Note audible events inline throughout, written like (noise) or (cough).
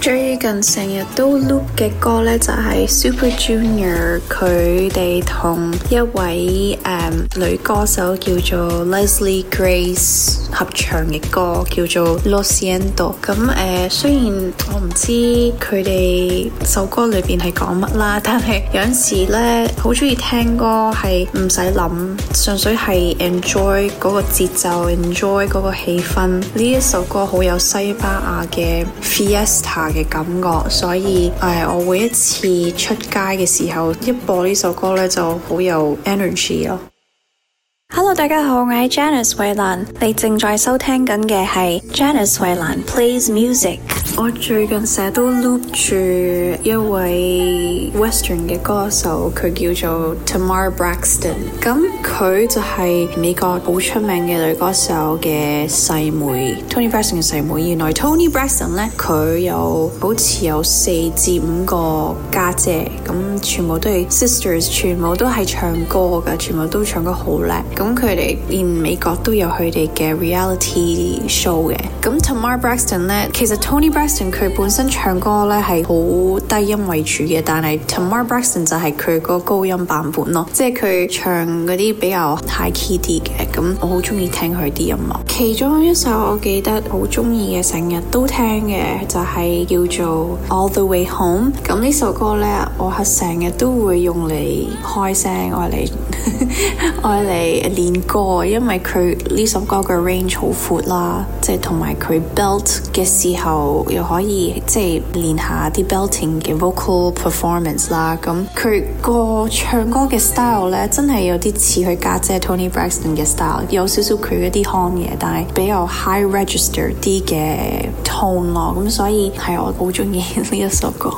最近成日都 loop 嘅歌咧，就係、是、Super Junior 佢哋同一位誒、呃、女歌手叫做 Leslie Grace 合唱嘅歌，叫做 Losiendo。咁誒，雖然我唔知佢哋首歌裏邊係講乜啦，但係有陣時咧，好中意聽歌係唔使諗，純粹係 enjoy 個節奏，enjoy 個氣氛。呢一首歌好有西班牙嘅 Fiesta 嘅。感覺，所以誒、呃，我每一次出街嘅時候，一播呢首歌咧，就好有 energy 咯。Hello，大家好，我係 Janice 衛蘭，你正在收聽緊嘅係 Janice 衛蘭 plays music。我最近成日都 loop 住一位 Western 嘅歌手，佢叫做 Tamar Braxton。咁佢就係美國好出名嘅女歌手嘅細妹，Tony Braxton 嘅細妹。原來 Tony Braxton 呢，佢有好似有四至五個家姐，咁全部都係 sisters，全部都係唱歌㗎，全部都唱得好叻。咁佢哋連美國都有佢哋嘅 reality show 嘅。咁 Tamar Braxton 咧，其實 Tony Braxton 佢本身唱歌咧係好低音為主嘅，但係 Tamar Braxton 就係佢個高音版本咯，即係佢唱嗰啲比較 high key 啲嘅。咁我好中意聽佢啲音樂。其中一首我記得好中意嘅，成日都聽嘅就係、是、叫做 All the Way Home。咁呢首歌咧，我係成日都會用嚟開聲，愛你， (laughs) 愛你。練歌，因為佢呢首歌嘅 range 好闊啦，即係同埋佢 belt 嘅時候又可以即係練下啲 belting 嘅 vocal performance 啦。咁佢個唱歌嘅 style 咧，真係有啲似佢家姐 Toni Braxton 嘅 style，有少少佢嗰啲腔嘅，但係比較 high register 啲嘅 tone 咯。咁、嗯、所以係我好中意呢一首歌。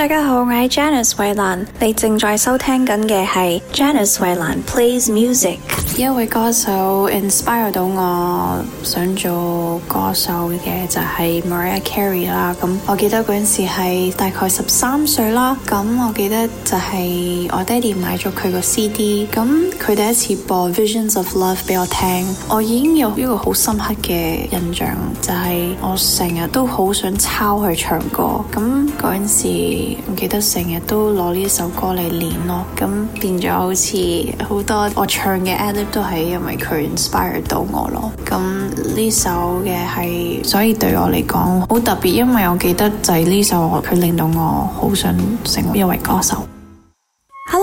大家好，我係 Janice 衛蘭，你正在收聽緊嘅係 Janice 衛蘭 plays music。一位歌手 inspire 到我想做歌手嘅就係 Mariah Carey 啦。咁我記得嗰陣時係大概十三歲啦。咁我記得就係我爹地買咗佢個 CD，咁佢第一次播《Visions of Love》俾我聽，我已經有呢個好深刻嘅印象，就係、是、我成日都好想抄佢唱歌。咁嗰陣時。我記得成日都攞呢首歌嚟練咯，咁變咗好似好多我唱嘅 Adlib 都係因為佢 inspire 到我咯。咁呢首嘅係，所以對我嚟講好特別，因為我記得就係呢首，佢令到我好想成為一位歌手。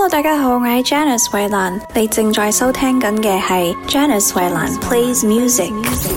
Hello，大家好，我係 Janice 衛蘭，你正在收聽緊嘅係 Janice 衛蘭 plays music。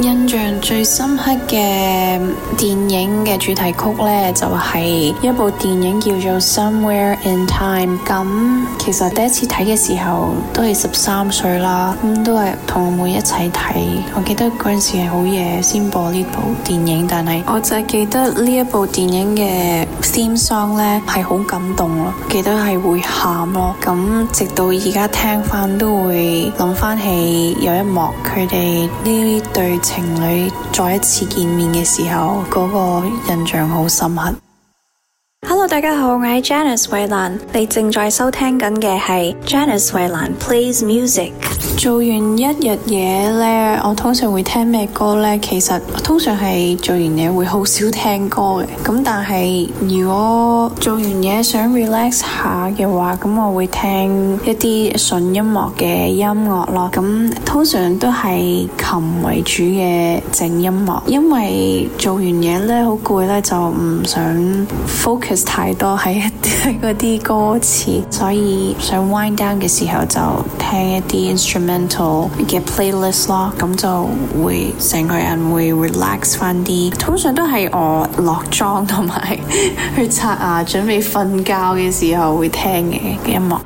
印象最深刻嘅電影嘅主題曲呢，就係一部電影叫做 Somewhere in Time。咁其實第一次睇嘅時候都係十三歲啦，咁都係同我妹一齊睇。我記得嗰陣時係好夜先播呢部電影，但係我就記得呢一部電影嘅 theme song 呢，係好感動咯，記得係會喊咯。咁直到而家聽翻都會諗翻起有一幕佢哋呢對情侶再一次見面嘅時候，嗰個印象好深刻。Hello，大家好，我係 Janice 衛蘭，你正在收聽緊嘅係 Janice 衛蘭 Plays Music。做完一日嘢咧，我通常會聽咩歌咧？其實我通常係做完嘢會好少聽歌嘅。咁但係如果做完嘢想 relax 下嘅話，咁我會聽一啲純音樂嘅音樂咯。咁通常都係琴為主嘅靜音樂，因為做完嘢咧好攰咧，就唔想 focus 太多係一啲嗰啲歌詞，所以想 wind down 嘅時候就聽一啲。嘅 playlist 咯，咁就會成個人會 relax 翻啲，通常都係我落妝同埋去刷牙準備瞓覺嘅時候會聽嘅嘅音樂。